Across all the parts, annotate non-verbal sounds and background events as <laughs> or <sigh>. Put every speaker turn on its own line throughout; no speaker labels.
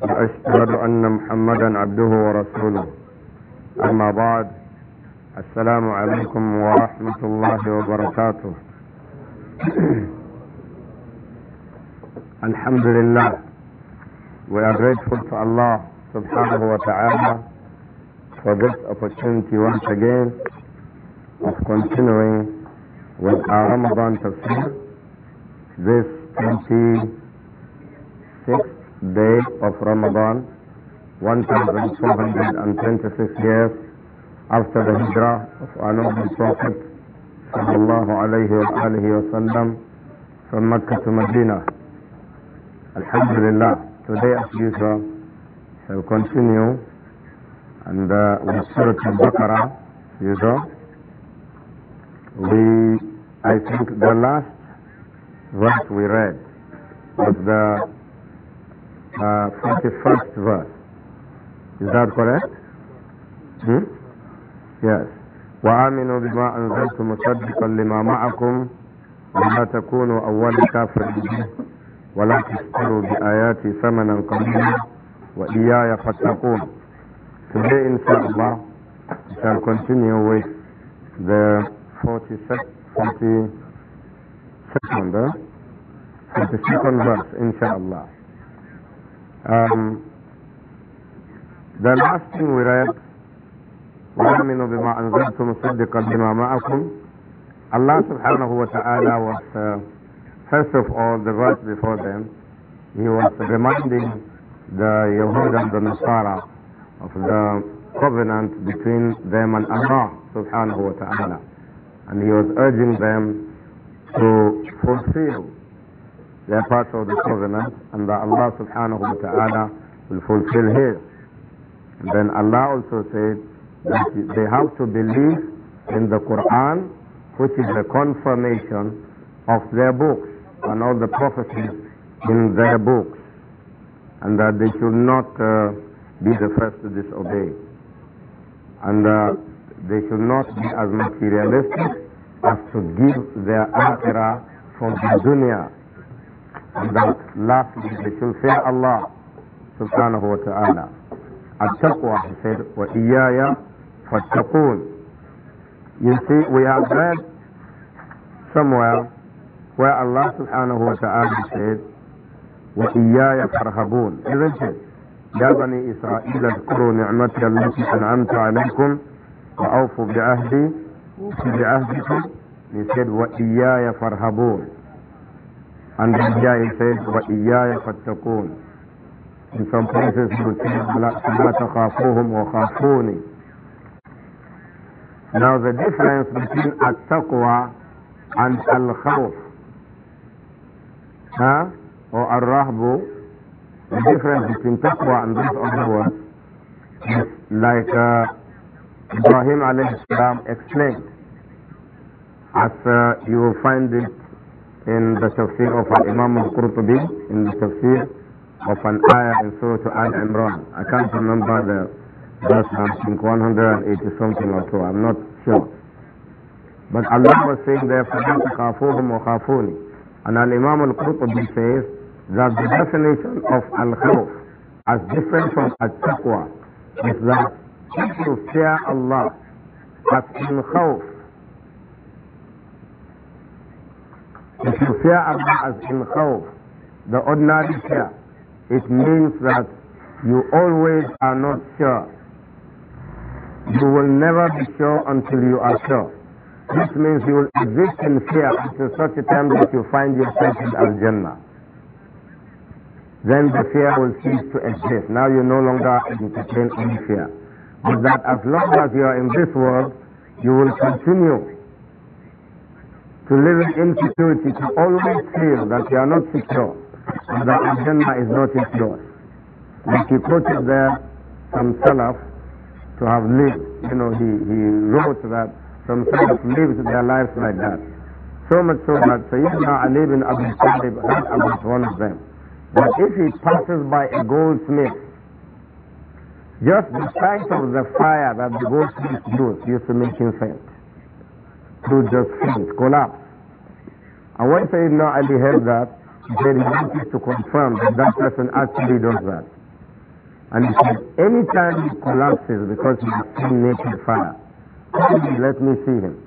وأشهد أن محمدا عبده ورسوله أما بعد السلام عليكم ورحمة الله وبركاته الحمد لله we are grateful to Allah subhanahu wa ta'ala for this opportunity once again of continuing with our Ramadan tafsir this 26th day of Ramadan, 1426 years after the hijrah of our noble Prophet sallallahu alayhi wa alihi wa sallam from Mecca to Medina. Alhamdulillah, today as usual shall continue and uh, with Surah Al-Baqarah usual. We, I think the last verse we read was the uh, 41st verse. Is that correct? Hmm? Yes. وآمنوا بما أنزلت مصدقا لما معكم ولا تكونوا أول كافر به ولا تشتروا بآياتي ثمنا قليلا وإياي فاتقون Today inshallah we shall continue with the 42nd 40 second, 42nd verse inshallah um, the last thing we read وَآمِنُوا بِمَا أَنزَلْتُ مُصَدِّقًا لِمَا مَعَكُمْ Allah subhanahu wa ta'ala was uh, first of all the verse before them he was reminding the Yahud and the Nasara of the covenant between them and Allah subhanahu wa ta'ala and he was urging them to fulfill they are part of the covenant and that Allah subhanahu wa ta'ala will fulfill his. And then Allah also said
that they have
to believe in the Quran, which is the confirmation of their books and all the prophecies in their books, and that they should not uh, be the first to disobey. And uh, they should not be as materialistic as to give their akhirah for the dunya And then lastly, they should fear Allah subhanahu wa ta'ala. At-taqwa, he said, wa iyaya fattaqoon. You see, we have read somewhere where Allah subhanahu wa ta'ala said, وإياي فارهبون إذن يا بني إسرائيل اذكروا نعمتي التي أنعمت عليكم وأوفوا بعهدي بعهدكم يسير وإياي فارهبون And here he says, وَإِيَّايَ فَاتَّقُونَ In some places he would say, فَلَا تَخَافُوهُمْ وَخَافُونِ Now the difference between التقوى and الخوف huh? or الرهب the difference between taqwa and those other words is like uh, Ibrahim alayhi salam explained as uh, you will find it in the tafsir of Imam al-Qurtubi, in the tafsir of an ayah in Surah Al-Imran. I can't remember the verse, I think 180 something or so, I'm not sure. But Allah was saying there, فَلَا تَخَافُوهُمْ وَخَافُونِ And Al-Imam al-Qurtubi says that the definition of al-khawf as different from al-taqwa is that if fear Allah but in khawf, If you fear Allah as in khawf, the ordinary fear, it means that you always are not sure. You will never be sure until you are sure. This means you will exist in fear until such a time that you find yourself in Al-Jannah. Then the fear will cease to exist. Now you no longer entertain any fear. But that as long as you are in this world, you will continue to live in insecurity, to always feel that you are not secure and that agenda is not yet yours. Like you quoted there some Salaf to have lived, you know, he, he wrote that some Salaf lived their lives like that. So much so that Sayyidina Ali bin Abu Talib heard about one of them. But if he passes by a goldsmith, just the sight of the fire that the goldsmith used used to make him faint. To just faint, collapse. And when Sayyidina Ali heard that, he said he wanted to confirm that that person actually does that. And he said, anytime he collapses because he's has seen naked fire, please let me see him.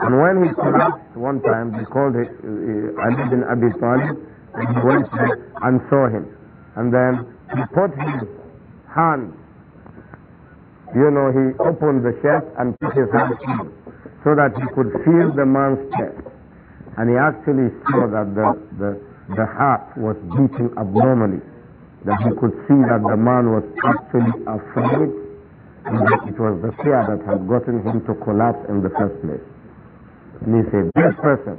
And when he collapsed one time, they called Ali bin Abi Talib, and he went there and saw him. And then he put his hand, you know, he opened the chest and put his hand in, so that he could feel the man's chest and he actually saw that the, the, the heart was beating abnormally, that he could see that the man was actually afraid and that it was the fear that had gotten him to collapse in the first place. And he said, this person,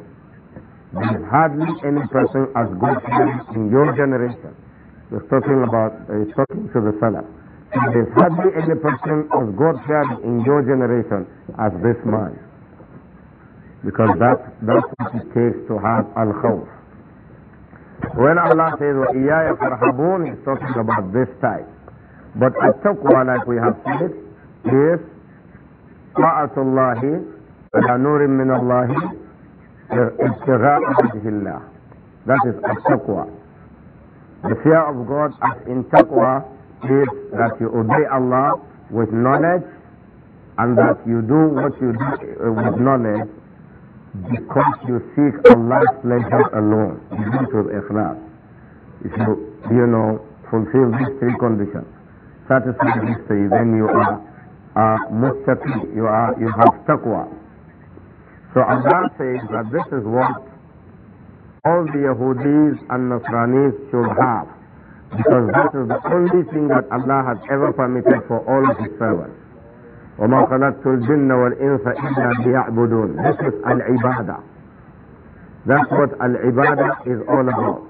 there is hardly any person as good in your generation. He's talking about, uh, he's talking to the Salaf. There is hardly any person as God fearing in your generation as this man because that's, that's what it takes to have al-khawf. When Allah says, وَإِيَّايَ فَرْحَبُونَ He's talking about this type. But at-taqwa, like we have said, is طاعة الله على نور من الله ابتغاء وجه الله. That is at-taqwa. The fear of God as in taqwa is that you obey Allah with knowledge and that you do what you do uh, with knowledge because you seek Allah's pleasure alone. You do it ikhlas. If you, you know, fulfill these three conditions, satisfy these three, then you are uh, mustaqi, you, are, you have taqwa. So Allah says that this is what all the Yahudis and Nasranis should have, because that is the only thing that Allah has ever permitted for all of His servants. وما خلقت الجن والإنس إلا ليعبدون this is al that's what al-ibadah is all about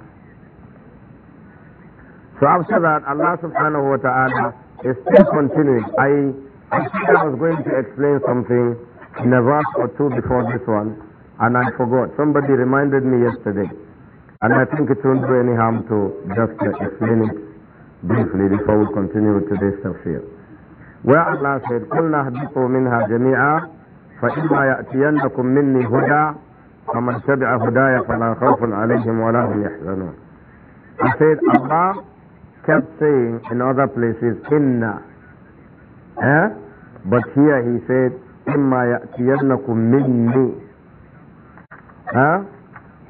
so after that Allah subhanahu wa ta'ala is still continuing I, I think I was going to explain something in a verse or two before this one and I forgot somebody reminded me yesterday and I think it won't do any harm to just explain it briefly before we continue to this here where Allah said, قُلْنَا اهْبِطُوا مِنْهَا جَمِيعًا فَإِمَّا يَأْتِيَنَّكُمْ مِنِّي هُدًى فَمَنْ تَبِعَ هُدَايَ فَلَا خَوْفٌ عَلَيْهِمْ وَلَا هُمْ يَحْزَنُونَ He said, Allah kept saying in other places, إِنَّا eh? But here he said, إِمَّا يَأْتِيَنَّكُمْ مِنِّي eh?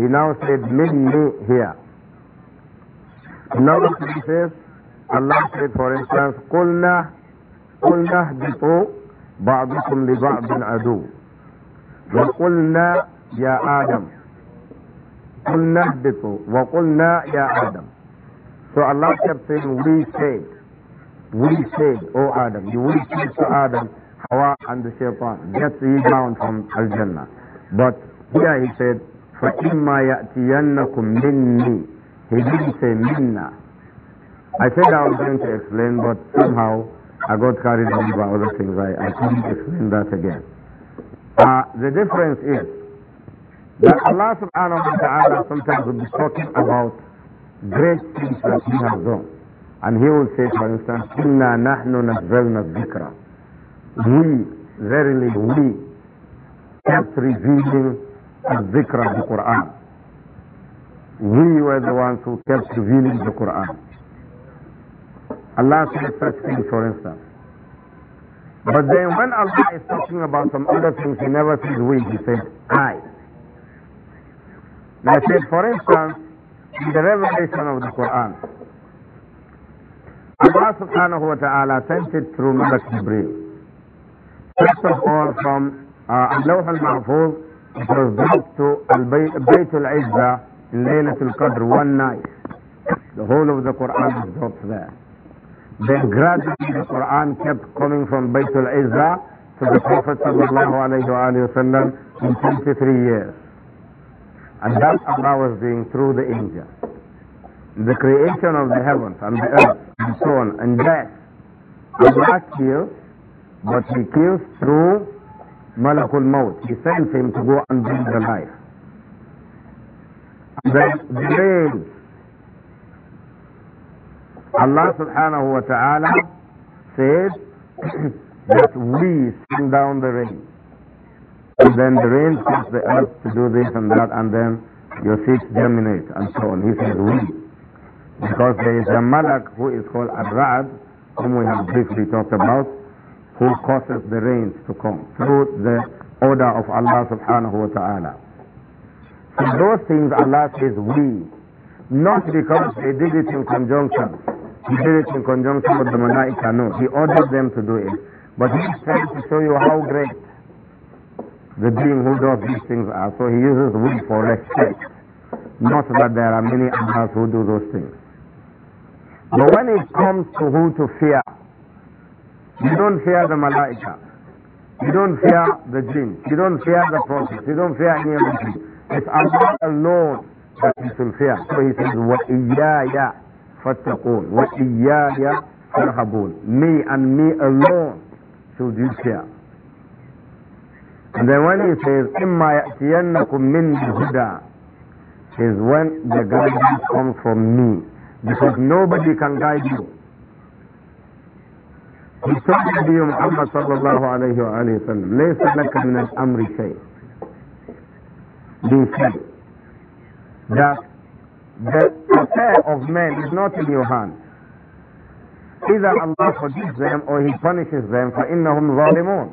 He now said, مِنِّي here. In other places, Allah said, for instance, قُلْنَا قلنا اهبطوا بعضكم لبعض عدو وقلنا يا آدم قلنا اهبطوا وقلنا يا آدم So Allah kept saying, we said, we said, O Adam, you will say to Adam, Hawa and the shaitan, get ye down from Al-Jannah. But here he said, فَإِمَّا يَأْتِيَنَّكُمْ مِنِّي He didn't say minna. I said I was going to explain, but somehow I got carried away by other things. I, I not explain that again. Uh, the difference is that Allah subhanahu wa ta'ala sometimes will be talking about great things that He has done. And He will say, for instance, Inna nahnu nazzalna dhikra. We, verily we, kept revealing al-dhikra, the Quran. We were the ones who kept revealing the Quran. Allah says such things, for instance. But then when Allah is talking about some other things, He never says we, He says I. I said, for instance, in the revelation of the Quran, Allah subhanahu wa ta'ala sent it through Malak Jibreel. First of all, from uh, Al-Lawh al-Mahfuz, it was brought to Al-Bayt al-Izza in Laylatul Qadr one night. The whole of the Quran was dropped there. Then gradually the Quran kept coming from Baytul Izzah to the Prophet وسلم, in 23 years. And that Allah was doing through the angel. The creation of the heavens and the earth and so on and death. Allah kills, but He kills through Malakul Maut. He sends him to go and bring the life. And then the Allah subhanahu wa ta'ala says <clears throat> that we send down the rain. And then the rain tells the earth to do this and that, and then your seeds germinate and so on. He says we. Because there is a malak who is called Abrad, whom we have briefly talked about, who causes the rains to come through the order of Allah subhanahu wa ta'ala. So those things Allah says we, not because they did it in conjunction he did it in conjunction with the Malaika. No, he ordered them to do it. But he's trying to show you how great the being who does these things are. So he uses wood for respect. Not that there are many others who do those things. But when it comes to who to fear, you don't fear the Malaika. You don't fear the jinn. You don't fear the prophet. You don't fear any of them. It's Allah alone that you should fear. So he says, وَإِيَّا فاتقون وإياي فارهبون me and me alone should you fear and then when he says إما يأتينكم من الهدى is when the guidance comes from me because nobody can guide you he told Nabi Muhammad صلى الله عليه وآله وسلم ليس لك من الأمر شيء be said that the affair of men is not in your hand. Either Allah forgives them or He punishes them for innahum zalimun.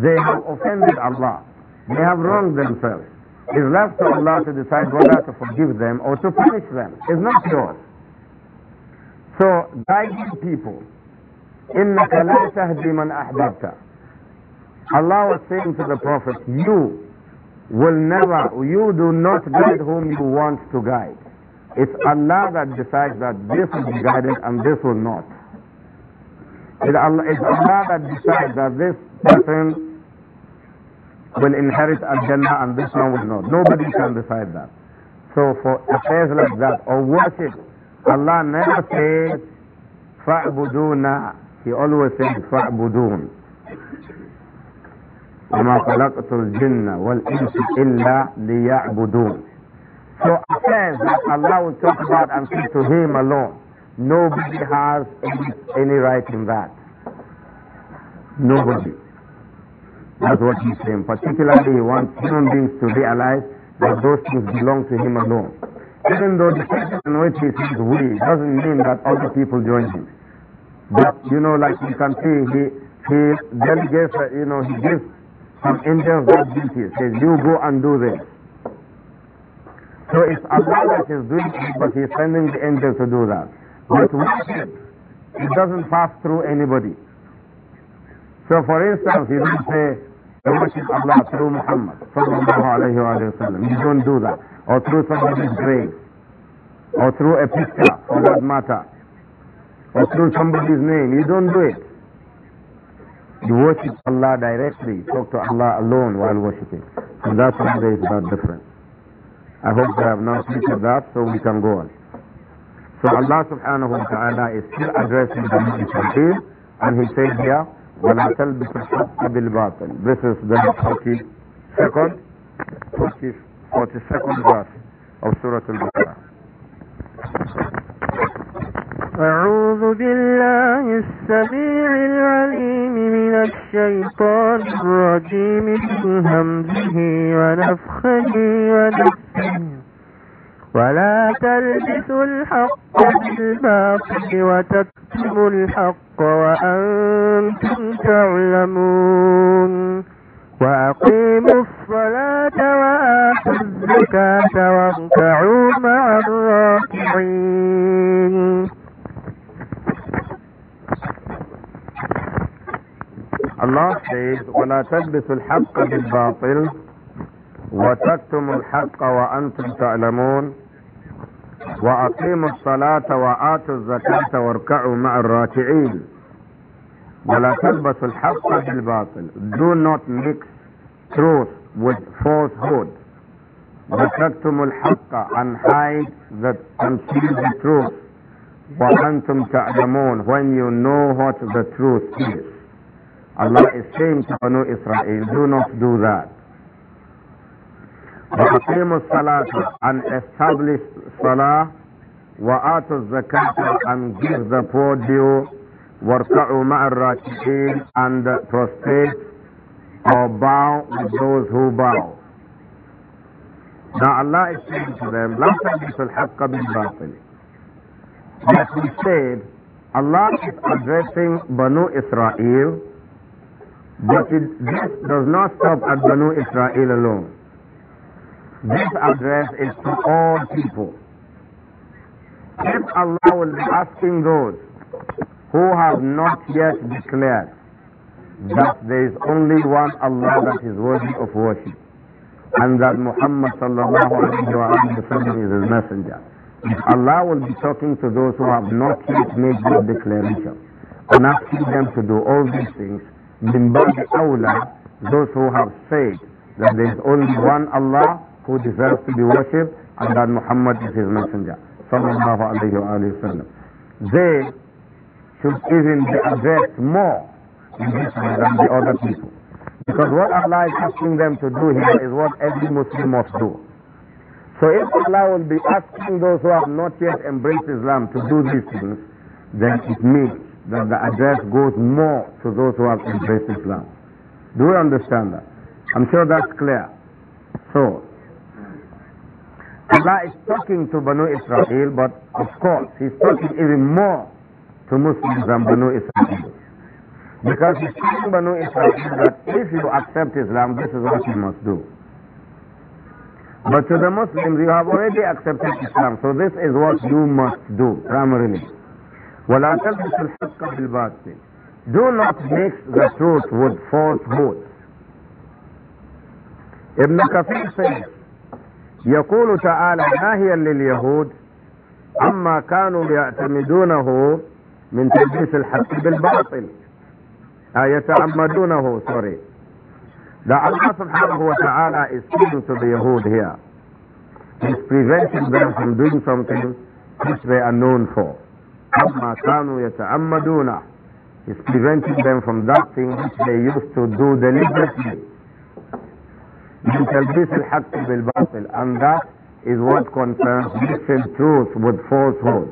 They have offended Allah. They have wronged themselves. It's left to Allah to decide whether to forgive them or to punish them. It's not yours. So, guiding people. إِنَّكَ لَا تَهْدِي مَنْ أَحْبَبْتَ Allah was saying to the Prophet, you will never, you do not guide whom you want to guide. It's Allah that decides that this will be guided and this will not. It's Allah, it's Allah that decides that this person will inherit Al-Jannah and this one will not. Nobody can decide that. So for affairs like that, or worship, Allah never says, فَعْبُدُونَا He always says, فَعْبُدُونَ
وما خلقت
الجن والإنس إلا ليعبدون So affairs that Allah will talk about and speak to Him alone. Nobody has any, any right in that. Nobody. That's what he's saying. Particularly, he wants human beings to realize that those things belong to him alone. Even though the person in which he says we doesn't mean that other people join him. But, you know, like you can see, he, he delegates, you know, he gives from angel that duty. Says, you go and do this. So it's Allah that is doing it, but He's sending the angel to do that. But worship, it doesn't pass through anybody. So for instance, you don't say, worship Allah through Muhammad sallallahu alayhi wa sallam. You don't do that. Or through somebody's grave. Or through a picture, for that matter. Or through somebody's name. You don't do it. You worship Allah directly, talk to Allah alone while worshipping. So that's why there is that difference. I hope I have now cleared that so we can go on. So Allah subhanahu wa ta'ala is still addressing the Mu'min and he says here, وَلَا تَلْبِسُ الْحَقَّ بِالْبَاطِلِ This is the 42nd, 42nd verse of Surah Al-Baqarah. أعوذ بالله السميع العليم من الشيطان الرجيم بهمزه همزه ونفخه ونفخه ولا تلبسوا الحق بالباطل وتكتموا الحق وأنتم تعلمون وأقيموا الصلاة وآتوا الزكاة واركعوا مع الراكعين Allah says, وَلَا تَلْبِسُوا الْحَقَّ بِالْبَاطِلِ وَتَكْتُمُوا الْحَقَّ وَأَنْتُمْ تَعْلَمُونَ وأقيموا الصلاة وآتوا الزكاة واركعوا مع الراكعين ولا تلبسوا الحق بالباطل Do not mix truth with falsehood وتكتموا الحق and hide the conceal the truth وأنتم تعلمون when you know what the truth is Allah is saying to Banu Israel, do not do that. وَأَقِيمُوا الصَّلَاةَ an establish salah وَآتُوا الزَّكَاةَ and give the poor due وَارْكَعُوا مَعَ الرَّاكِعِينَ and prostrate or bow with those who bow. Now Allah is saying to them, لَا تَلْبِسُوا الْحَقَّ بِالْبَاطِلِ As we said, Allah is addressing Banu Israel but it, this does not stop at Banu Israel alone. This address is to all people. If Allah will be asking those who have not yet declared that there is only one Allah that is worthy of worship and that Muhammad is his messenger. If Allah will be talking to those who have not yet made that declaration and asking them to do all these things, min ba'di awla, those who have said that there is only one Allah who deserves to be worshipped and that Muhammad is his messenger. Sallallahu alayhi wa They should even be addressed more in this way than the other people. Because what Allah is asking them to do here is what every Muslim must do. So if Allah will be asking those who have not yet embraced Islam to do these things, then it means that the address goes more to those who have embraced Islam. Do you understand that? I'm sure that's clear. So, Allah is talking to Banu Israel, but of course, He's talking even more to Muslims than Banu Israel. Because He's telling Banu Israel that if you accept Islam, this is what you must do. But to the Muslims, you have already accepted Islam, so this is what you must do primarily. ولا تلبس الحق بالباطل Do not mix the truth with falsehood. Ibn Kathir says, يقول تعالى ناهيا لليهود عما كانوا يعتمدونه من تَلْبِسِ الحق بالباطل أي يتعمدونه sorry The Allah subhanahu wa ta'ala is speaking to the Yahud here. He's preventing them from doing something which they are known for. عما كانوا يتعمدون is preventing them from that thing which they used to do deliberately من الحق بالباطل and that is what concerns mixing truth with falsehood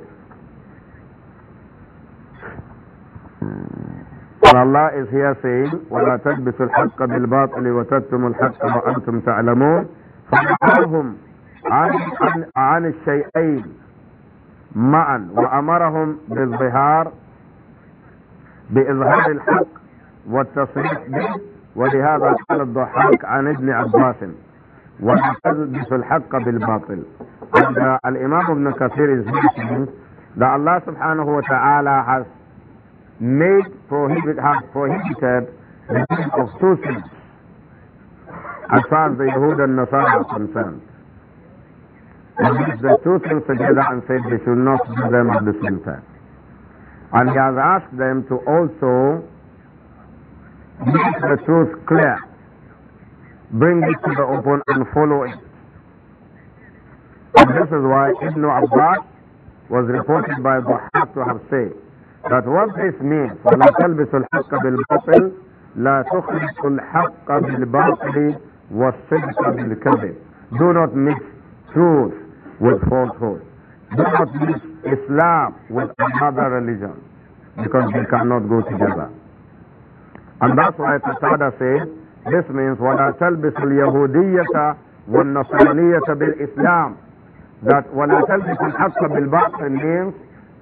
And Allah is here saying ولا تلبسوا الحق بالباطل وتكتموا الحق وأنتم تعلمون فنحرهم عن عن الشيئين معا وامرهم بالظهار باظهار الحق والتصريح به ولهذا قال الضحاك عن ابن عباس ويقدس الحق بالباطل الامام ابن كثير ده الله سبحانه وتعالى has made prohibit has prohibited the use of two things as far as the Yehuda and Nasara concerned. That means the two things together and said they should not do them at the same time. And he has asked them to also make the truth clear, bring it to the open and follow it. And this is why Ibn Abbas was reported by Buhar to have said that what this means, وَلَا تَلْبِسُ الْحَقَّ بِالْبَاطِلِ لَا تُخْلِقُ الْحَقَّ بِالْبَاطِلِ وَالصِّدْقَ بِالْكَذِبِ Do not mix truth with falsehood. Do not mix Islam with another religion because they cannot go together. And that's why Qatada says, this means I tell وَلَا تَلْبِسُ الْيَهُودِيَّةَ وَالنَّصْرَانِيَّةَ Islam. That I Bismillah تَلْبِسُ الْحَقَّ بِالْبَاطِلِ means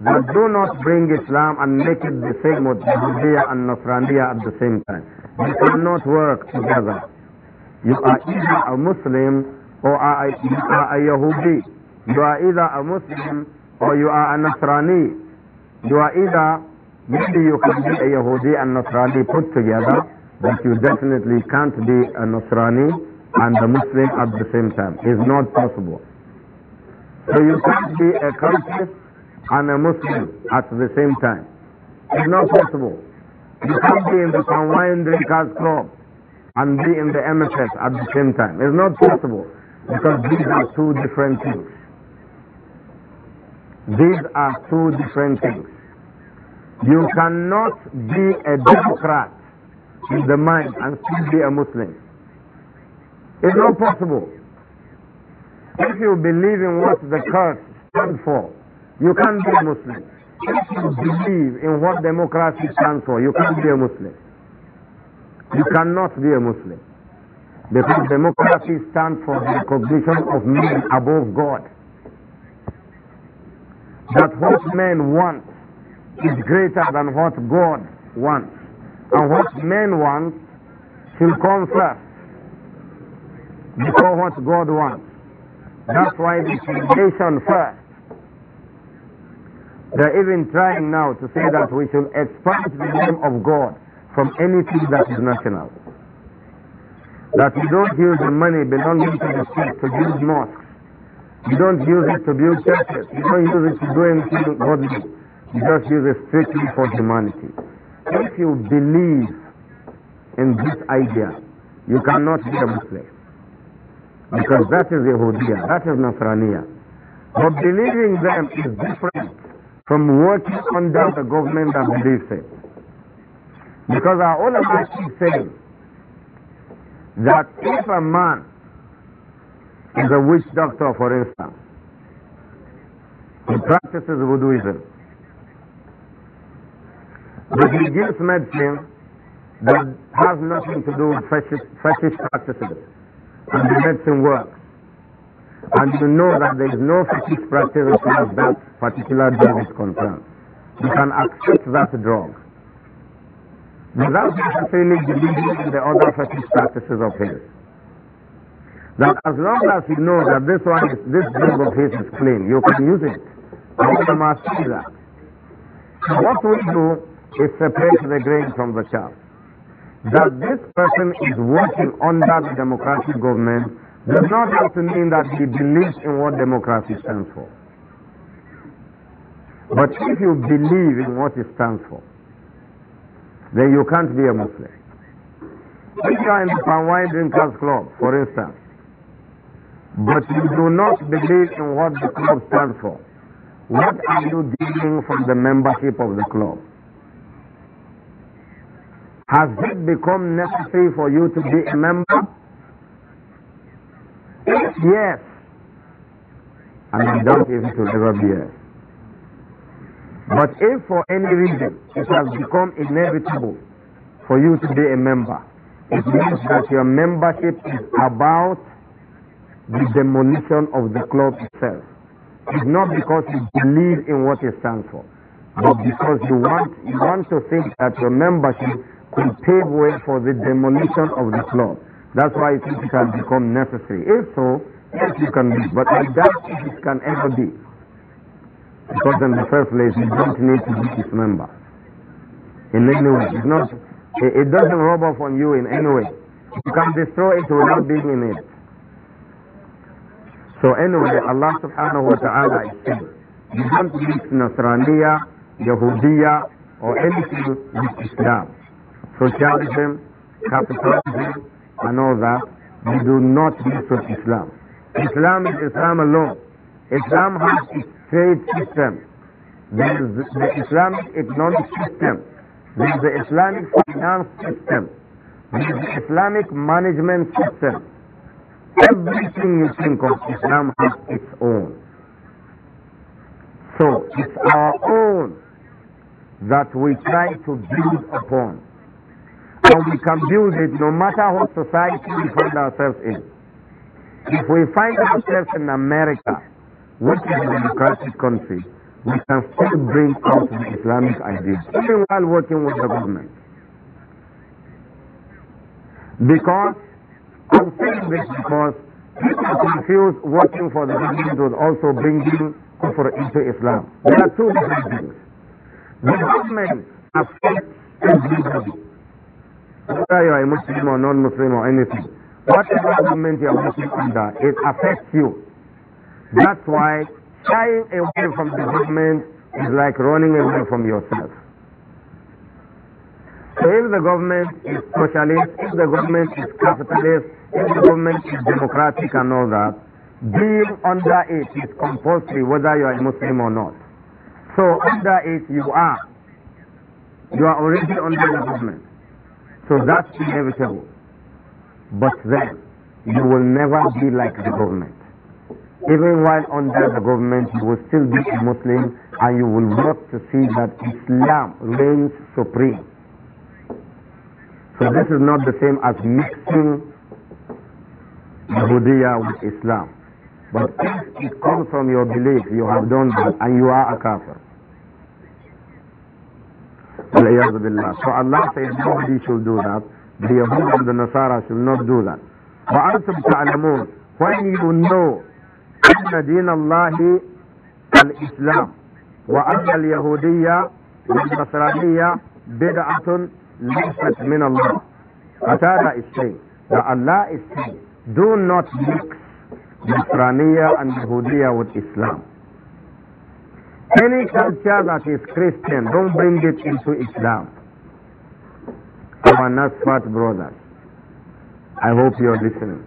that do not bring Islam and make it the same with Yahudiya and Nasraniya at the same time. They cannot work together. You are either a Muslim or a, you are a Yahudi. You are either a Muslim or you are a Nasrani. You are either, maybe you can be a Yahudi and Nasrani put together, but you definitely can't be a Nasrani and a Muslim at the same time. It's not possible. So you can't be a cultist and a Muslim at the same time. It's not possible. You can't be in the palm wine drinkers club and be in the MFS at the same time. It's not possible because these are two different things. These are two different things. You cannot be a Democrat in the mind and still be a Muslim. It's not possible. If you believe in what the curse stands for, you can't be a Muslim. If you believe in what democracy stands for, you can't be a Muslim. You cannot be a Muslim. Because democracy stands for the recognition of men above God that what men want is greater than what God wants. And what men want shall come first before what God wants. That's why the nation first. They're even trying now to say that we should expand the name of God from anything that is national. That we don't use the money belonging to the state to build mosques you don't use it to build churches. You don't use it to do anything godly. You just use it strictly for humanity. If you believe in this idea, you cannot be a Muslim. Because that is Yehudiya, that is Nasraniya. But believing them is different from working under the government that believes it. Because our ulama keep saying that if a man is a witch doctor, for instance, he practices voodooism, but he gives medicine that has nothing to do with fetish, fetish practices, and the medicine works. And you know that there is no fetish practice as far as that particular drug is concerned. You can accept that drug without necessarily believing in the other fetish practices of his that as long as you know that this one is, this drink of his is clean, you can use it. Ulama see that. So what we do is separate the grain from the chaff. That this person is working under the democratic government does not have to mean that he believes in what democracy stands for. But if you believe in what it stands for, then you can't be a Muslim. If you are in the Pawai Drinkers Club, for instance, but you do not believe in what the club stands for. What are you gaining from the membership of the club? Has it become necessary for you to be a member? Yes. And I doubt if it will ever be yes. But if for any reason it has become inevitable for you to be a member, it means that your membership is about the demolition of the club itself. It's not because you believe in what it stands for, but because you want, you want to think that your membership could pave way for the demolition of the club. That's why it can become necessary. If so, yes, you can be, but I doubt if it can ever be. Because in the first place, you don't need to be its member. In any way. It's not, it doesn't rub off on you in any way. You can destroy it without being in it. So anyway, Allah subhanahu wa ta'ala is saying, you don't mix Nasraniya, Yahudiya, or anything with Islam. Socialism, capitalism, and all that, you do not mix with Islam. Islam is Islam alone. Islam has its trade system. There is the Islamic economic system. There is the Islamic finance system. There is the Islamic management system. Everything you think of, Islam has its own. So it's our own that we try to build upon. And we can build it no matter what society we find ourselves in. If we find ourselves in America, which is a democratic country, we can still bring out the Islamic ideas, even while working with the government. Because I'm saying this because people confuse working for the government with also bringing kufr into Islam. There are two different things. The government affects everybody, whether you are a Muslim or non-Muslim or anything. Whatever government you are working under, it affects you. That's why shying away from the government is like running away from yourself. So if the government is socialist, if the government is capitalist, if the government is democratic and all that, being under it is compulsory whether you are a Muslim or not. So under it you are. You are already under the government. So that's inevitable. But then you will never be like the government. Even while under the government, you will still be a Muslim and you will work to see that Islam reigns supreme. So this is not the same as mixing Yahudiya with Islam. But if it comes from your belief, you have done that and you are a kafir. So Allah says nobody should do that. The Yahud and the Nasara should not do that. وأنتم تعلمون when you know أن دين الله الإسلام وأن اليهودية والنصرانية بدعة ليست من الله. Qatada is saying that Allah is saying do not mix Nasraniya and Yahudiya with Islam. Any culture that is Christian, don't bring it into Islam. Our Nasrat brothers, I hope you're listening.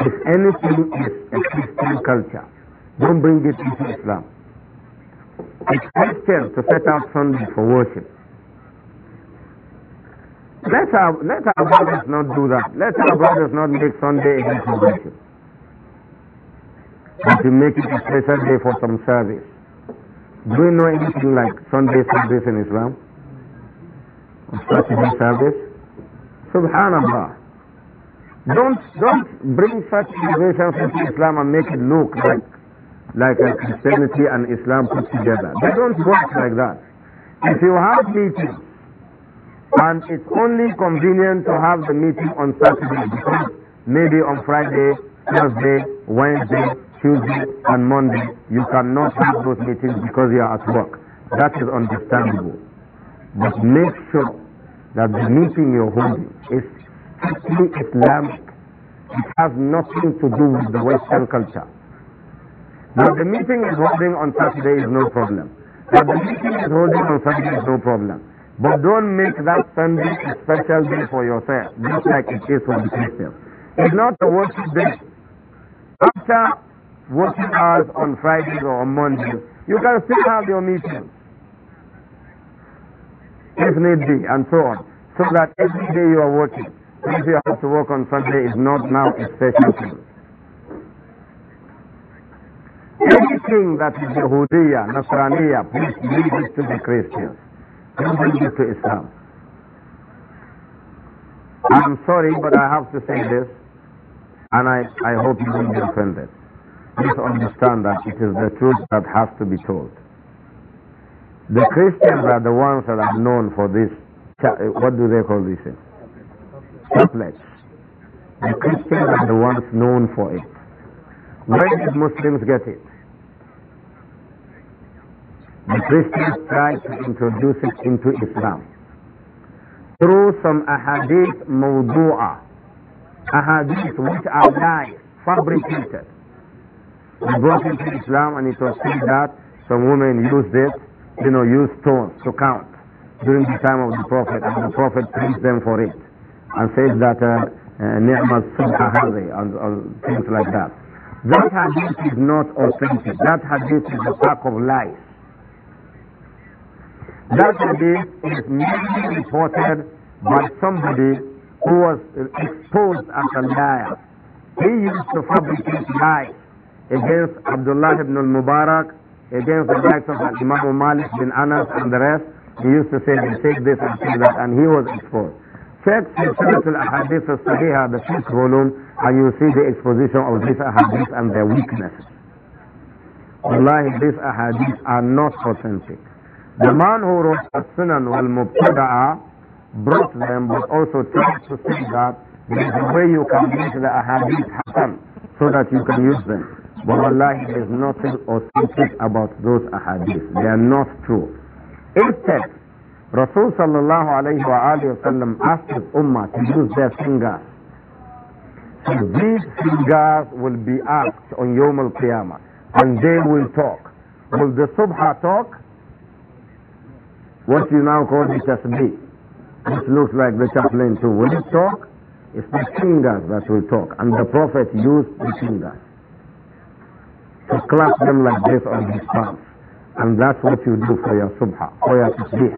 If anything is a Christian culture, don't bring it into Islam. It's Christian to set out Sunday for worship. Let our, let our brothers not do that. Let our brothers not make Sunday a celebration. But to make it a special day for some service. Do you know anything like Sunday service in Islam? Saturday service? Subhanallah. Don't, don't bring such innovations into Islam and make it look like, like a Christianity and Islam put together. They don't work like that. If you have meetings, and it's only convenient to have the meeting on Saturday because maybe on Friday, Thursday, Wednesday, Tuesday, and Monday, you cannot have those meetings because you are at work. That is understandable. But make sure that the meeting you're holding is strictly Islamic. It has nothing to do with the Western culture. Now the meeting is holding on Saturday is no problem. Now the meeting is holding on Friday is no problem. But don't make that Sunday a special day for yourself, just like it is for the Christians. It's not a worship day. After working hours on Fridays or on Mondays, you can still have your meeting, if need be, and so on, so that every day you are working. If you have to work on Sunday, is not now a special thing. Anything that is Yahudiya, Nasraniya, please leave it to the Christians to Islam. I'm sorry, but I have to say this, and I, I hope you won't be offended. Please understand that it is the truth that has to be told. The Christians are the ones that are known for this. What do they call this? Chaplets. The Christians are the ones known for it. Where did Muslims get it? The Christians tried to introduce it into Islam through some ahadith mawdu'ah, ahadith which are lies, fabricated. They brought into Islam and it was said that some women used it, you know, used stones to count during the time of the Prophet and the Prophet praised them for it and says that ni'mat uh, uh and, and things like that. That hadith is not authentic. That hadith is a pack of lies. That hadith is mainly reported by somebody who was exposed as a liar. He used to fabricate lies against Abdullah ibn al-Mubarak, against the likes of Imam Malik bin Anas and the rest. He used to say, take this and say that, and he was exposed. Check Silsilat al-Ahadith al-Sahiha, the fifth volume, and you see the exposition of these ahadith and their weaknesses. Allah, these ahadith are not authentic. The man who wrote the sunan al mubtadaa brought them but also tried to say that there's a way you can make the ahadith hasan so that you can use them. But not there's nothing authentic about those ahadith. They are not true. Instead, Rasul sallallahu alayhi wa alayhi wa sallam asked his ummah to use their fingers. So these fingers will be asked on Yom al-Qiyamah and they will talk. Will the Subha talk? What you now call the tasbih. This looks like the chaplain too. Will it talk? It's the fingers that will talk. And the Prophet used the fingers to clap them like this on his palms. And that's what you do for your subha, for your tasbih.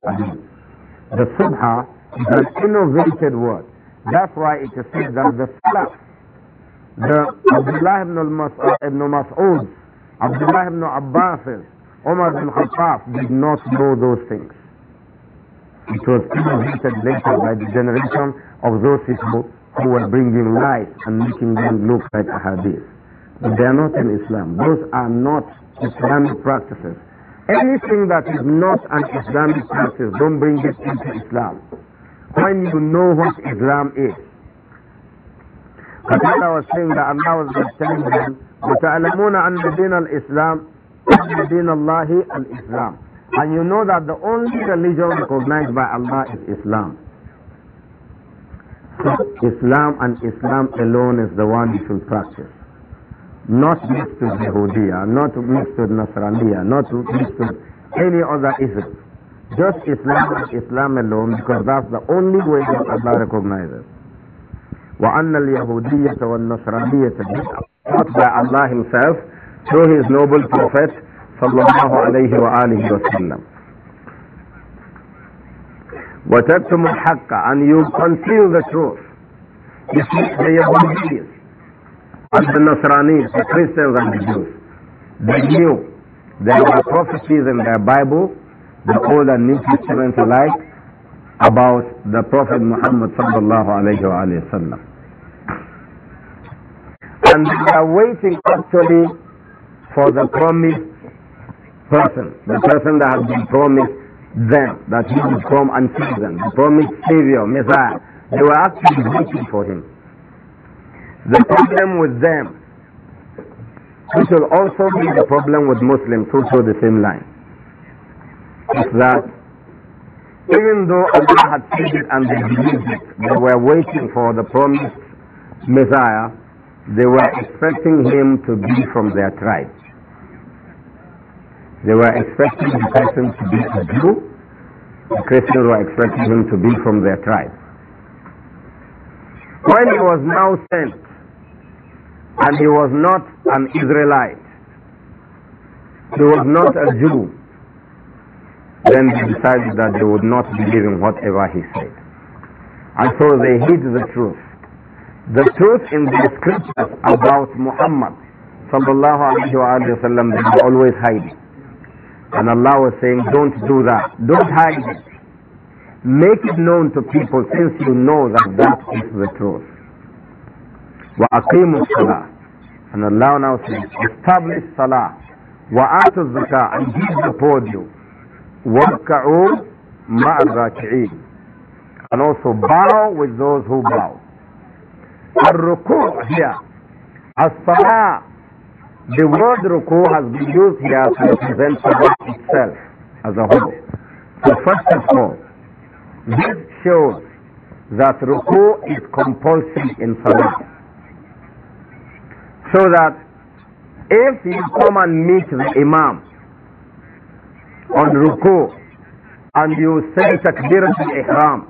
The subha is an innovated word. That's why it is said that the slap, the Abdullah ibn, Mas uh, ibn Mas'ud, Abdullah ibn Abbas, Umar ibn Khattab did not know those things. It was celebrated later by the generation of those people who were bringing lies and making them look like ahadith. But they are not in Islam. Those are not Islamic practices. Anything that is not an Islamic practice, don't bring it into Islam. When you know what Islam is. But I was saying that Allah was telling them, وَتَعْلَمُونَ أَنَّ دِينَ الْإِسْلَامِ أَنَّ دِينَ اللَّهِ الْإِسْلَامِ and you know that the only religion recognized by Allah is Islam. So Islam and Islam alone is the one you should practice. Not mixed with Yehudiya, not mixed with Nasraniya, not mixed with any other Islam. Just Islam and Islam alone because that's the only way that Allah recognizes. وأن اليهودية والنصرانية taught by Allah Himself through His noble Prophet sallallahu alayhi wa alihi wa الْحَقَّ And you conceal the truth. You the Yahudis, the Nasranis, the Christians and the Jews, they knew there were prophecies in their Bible, the Old and New testament alike, about the Prophet Muhammad sallallahu alayhi wa sallam. And they are waiting actually for the promised person, the person that has been promised them, that he would come and save them, the promised Savior, Messiah. They were actually waiting for him. The problem with them, which will also be the problem with Muslims who throw the same line, is that even though Allah had said it and they believed it, they were waiting for the promised Messiah, they were expecting him to be from their tribe. They were expecting the person to be a Jew. The Christians were expecting him to be from their tribe. When he was now sent, and he was not an Israelite, he was not a Jew, then they decided that they would not believe in whatever he said. And so they hid the truth. The truth in the scriptures about Muhammad sallallahu alayhi wa sallam they were always hiding. And Allah was saying, don't do that. Don't hide it. Make it known to people since you know that that is the truth. وَأَقِيمُوا salah, And Allah now says, establish salah. وَآتُوا الزَّكَاةِ And give the poor due. وَارْكَعُوا مَعَ And also bow with those who bow. الركوع here. salah. The word ruku has been used here to represent salah itself as a whole. So first of all, this shows that ruku is compulsory in salah. So that if you come and meet the imam on ruku and you say takbir to ihram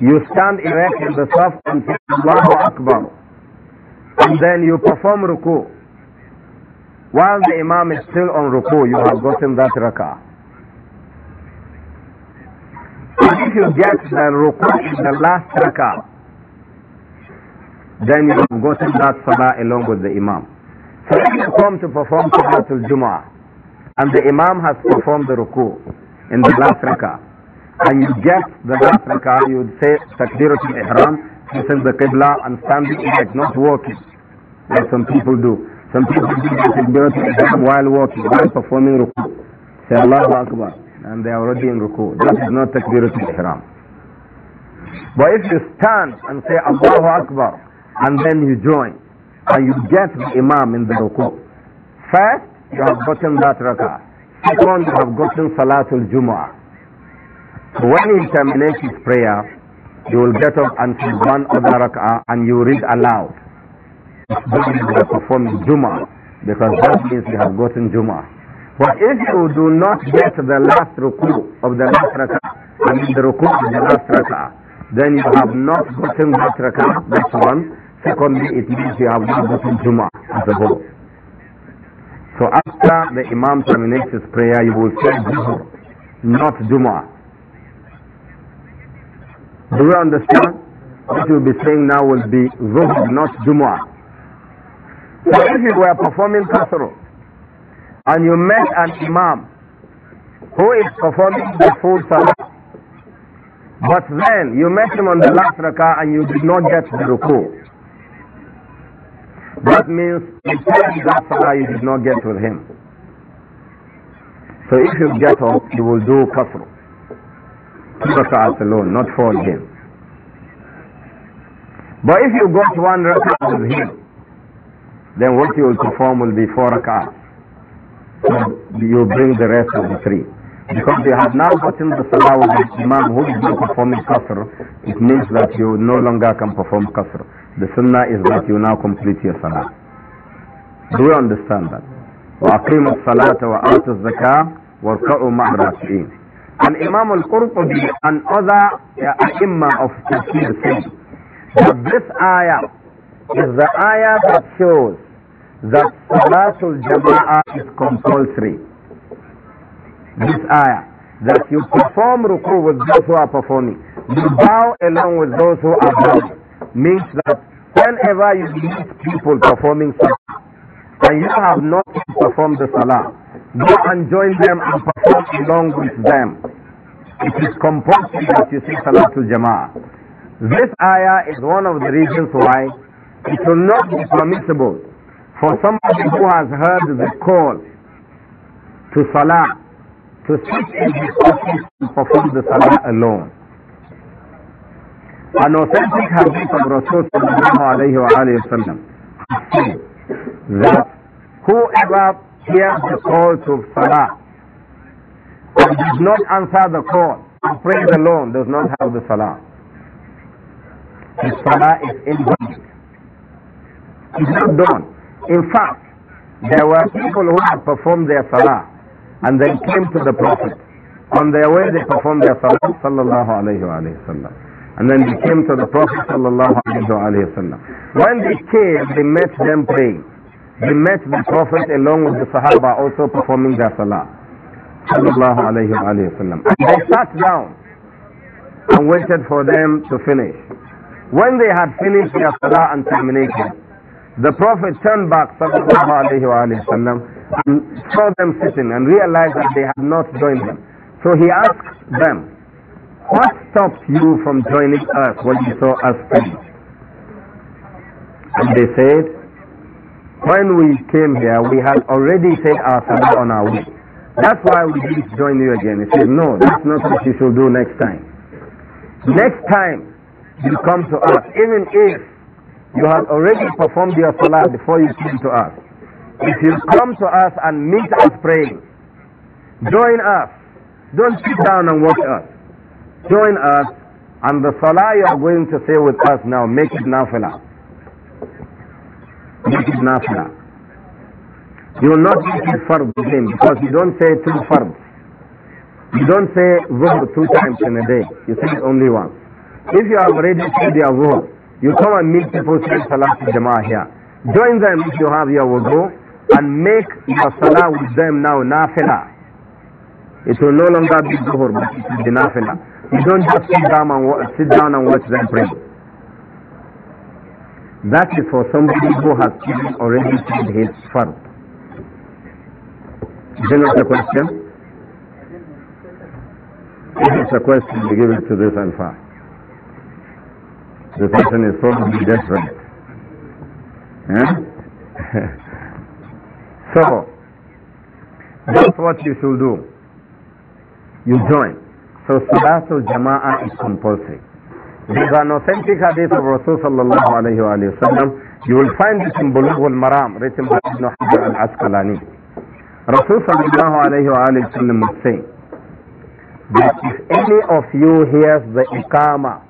you stand erect in the saf and say Allahu Akbar and then you perform ruku. While the Imam is still on ruku, you have gotten that rakah. If you get the ruku in the last raka, then you have gotten that salah along with the Imam. So if you come to perform Salatul Jum'ah, and the Imam has performed the ruku in the last raka, and you get the last raka, you would say Takbiratul Ihram, facing the Qibla and standing like not walking. Like some people do. Some people do that while walking, while performing ruku. Say Allahu Akbar. And they are already in ruku. That is not takbirat ihram. But if you stand and say Allahu Akbar, and then you join, and you get the imam in the ruku. First, you have gotten that rakah. Second, you have gotten Salatul Jumu'ah. So when he terminates his prayer, you will get up and say one other rak'ah and you read aloud during are performing Juma, because that means you have gotten Juma. But if you do not get the last ruku of the last rak'ah, I mean the ruku of the last rak'ah, then you have not gotten that rak'ah, that's one. Secondly, it means you have not gotten Juma as a whole. So after the Imam terminates his prayer, you will say Juma, not Juma. Do you understand? What you'll be saying now will be Zuhur, not Juma. So if you were performing kasru and you met an imam who is performing the full salah, but then you met him on the last rakah and you did not get the ruku. That means entirely that salah you did not get with him. So if you get up, you will do Keep Two rakahs alone, not four again. But if you got one rakah with him, then what you will perform will be four rak'ahs. So you bring the rest of the three. Because you have now gotten the salah of the imam who is not performing qasr, it means that you no longer can perform qasr. The sunnah is that you now complete your salah. Do you understand that? وأقيموا الصلاة وآتوا الزكاة واركعوا مع الراكعين. And Imam al-Qurtubi and other uh, of tafsir say this ayah is the ayah that shows that Salatul Jama'ah is compulsory. This ayah. That you perform ruku with those who are performing. You bow along with those who are bowing. Means that whenever you meet people performing salah and you have not performed the salah, go and join them and perform along with them. It is compulsory that you say Salatul Jama'ah. This ayah is one of the reasons why it will not be permissible for somebody who has heard the call to Salah, to sit in his office and perform the Salah alone. An authentic hadith of Rasulullah alayhi wa alayhi wa sallam that whoever hears the call to Salah and does not answer the call and prays alone does not have the Salah. His Salah is invalid. It's not done. In fact, there were people who had performed their salah and they came to the Prophet. On their way they performed their salah sallallahu alayhi wa sallam. And then they came to the Prophet sallallahu alayhi wa When they came, they met them praying. They met the Prophet along with the Sahaba also performing their salah sallallahu alayhi wa sallam. And they sat down and waited for them to finish. When they had finished their salah and terminated, the Prophet turned back وسلم, and saw them sitting and realized that they had not joined him. So he asked them, What stopped you from joining us when you saw us sitting?" And they said, When we came here, we had already said our salah on our way. That's why we didn't join you again. He said, No, that's not what you should do next time. Next time you come to us, even if you have already performed your salah before you came to us. If you come to us and meet us praying, join us. Don't sit down and watch us. Join us, and the salah you are going to say with us now, make it nafila. Make it nafila. You will not make it fard again because you don't say two fards. You don't say zuhr two times in a day. You say it only once. If you have already said your zuhr, you come and meet people say Salat to jamaah here. Join them if you have your wudu and make your Salah with them now nafila. It will no longer be zuhur, but it will be nafila. You don't just sit down and, sit down and watch them pray. That is for somebody who has already paid his fard. Is that not the question? If it's a question, we give it to this and the person is so desperate. Eh? <laughs> so, that's what you should do. You join. So Salatul Jama'ah is compulsory. There's an authentic hadith of Rasulullah sallallahu You will find it in Bulugh al-Maram, written by Ibn Hajar al-Asqalani. Rasul sallallahu alayhi wa sallam would say that if any of you hears the Iqamah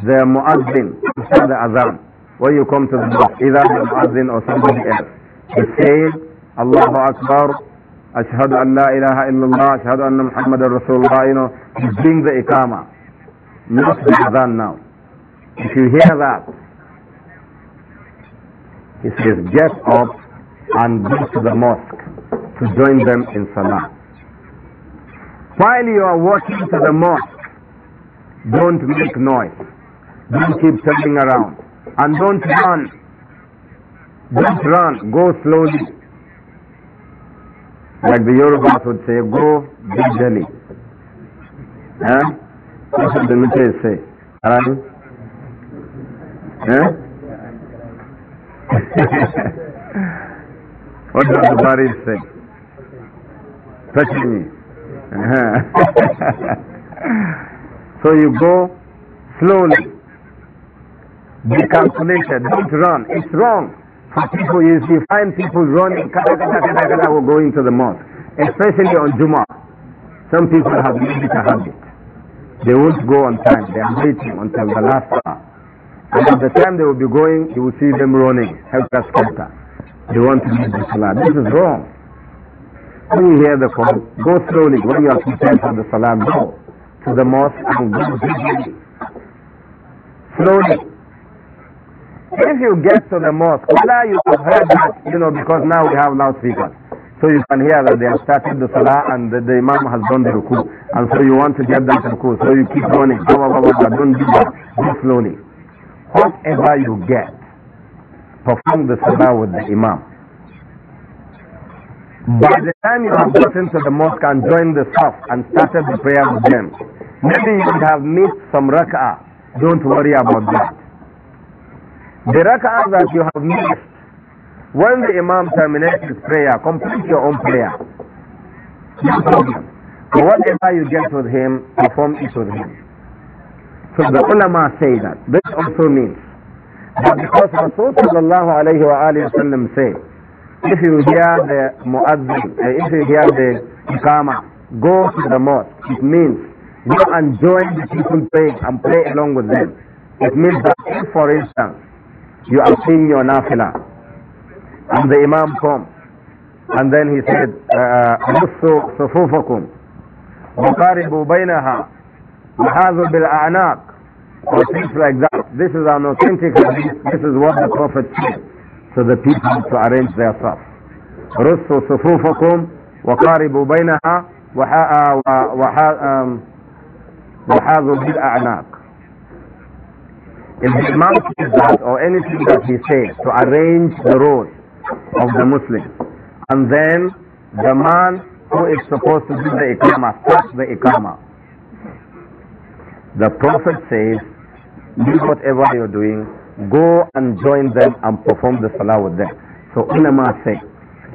the muazzin, the azan, when you come to the mosque, either the muazzin or somebody else, he says, Allahu Akbar, Ashhadu an la ilaha illallah, Ashhadu anna Muhammadan Rasulullah, you know, he's doing the ikama, not the azan now. If you hear that, he says, get up and go to the mosque to join them in salah. While you are walking to the mosque, don't make noise. Don't keep turning around. And don't run. Don't run. Go slowly. Like the Yorubas would say, go gingerly. Eh? That's what the Nuches say. Alright? Eh? <laughs> what does the Bari say? touching me. Eh? <laughs> so you go slowly. Be calculated. don't run, it's wrong. For people, you see, find people running, kata, kata, kata, kata, or going to the mosque, especially on Juma. Some people have made it a habit. They won't go on time, they are waiting until the last hour. And at the time they will be going, you will see them running, Help us skelter. They want to leave the salah. This is wrong. When you hear the call, go slowly. When you are prepared for the salah, go to the mosque and go slowly. If you get to the mosque, whether you have heard that, you know, because now we have loudspeakers. So you can hear that they have started the salah and the, the imam has done the ruku. And so you want to get that ruku. So you keep running. Blah, blah, blah, blah. Don't do that. Do slowly. Whatever you get, perform the salah with the imam. By the time you have gotten to the mosque and joined the staff and started the prayer with them, maybe you would have missed some rak'ah. Don't worry about that. The rak'ah that you have missed, when the Imam terminates his prayer, complete your own prayer. No problem. So whatever you get with him, perform it with him. So the ulama say that. This also means that because Rasul sallallahu alayhi wa alayhi wa said, if you hear the muazzin, eh, if you hear the ikama, go to the mosque. It means go and join the people praying and pray along with them. It means that if, for instance, You are seeing your nafila. And the Imam comes. And then he said, نصوا صفوفكم وقاربوا بينها وحاذوا بالأعناق or things like that. This is an authentic hadith. This is what the Prophet said to the people to arrange their stuff. رصوا صفوفكم وقاربوا بينها وحاذوا بالأعناق If the Imam says that or anything that he says to arrange the role of the Muslim and then the man who is supposed to do the Iqama starts the Iqama, The Prophet says, do whatever you're doing, go and join them and perform the Salah with them. So ulama say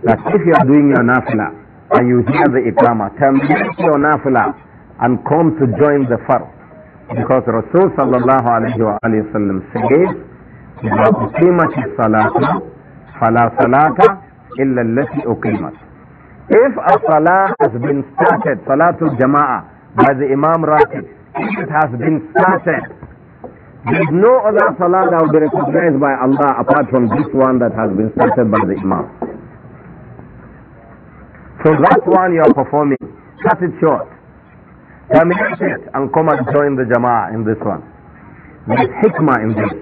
that if you are doing your nafila and you hear the tell terminate your nafila and come to join the Farah. Because Rasul sallallahu alayhi wa sallam says, إِذَا أُقِيمَتِ الصَّلَاةُ فَلَا صَلَاةَ إِلَّا الَّتِي أُقِيمَت If a salah has been started, salatul jama'ah, by the Imam Ratib, it has been started, there is no other salah that will be recognized by Allah apart from this one that has been started by the Imam. So that one you are performing, cut it short terminate it and come and join the jama'ah in this one. There's hikmah in this.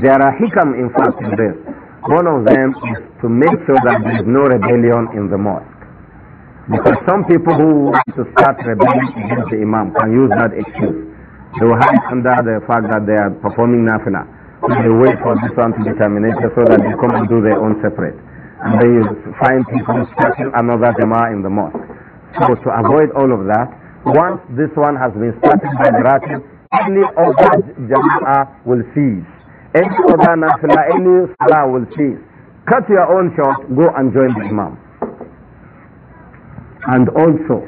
There are hikam in fact in this. One of them is to make sure that there is no rebellion in the mosque. Because some people who want to start rebelling against the imam can use that excuse. They will hide under the fact that they are performing nafila. they wait for this one to be terminated so that they come and do their own separate. And they find people starting another jama'ah in the mosque. So to avoid all of that, once this one has been started by the Ratib, any other Jama'ah will cease. Any other Nafilah, any Salah will cease. Cut your own shot. go and join the Imam. And also,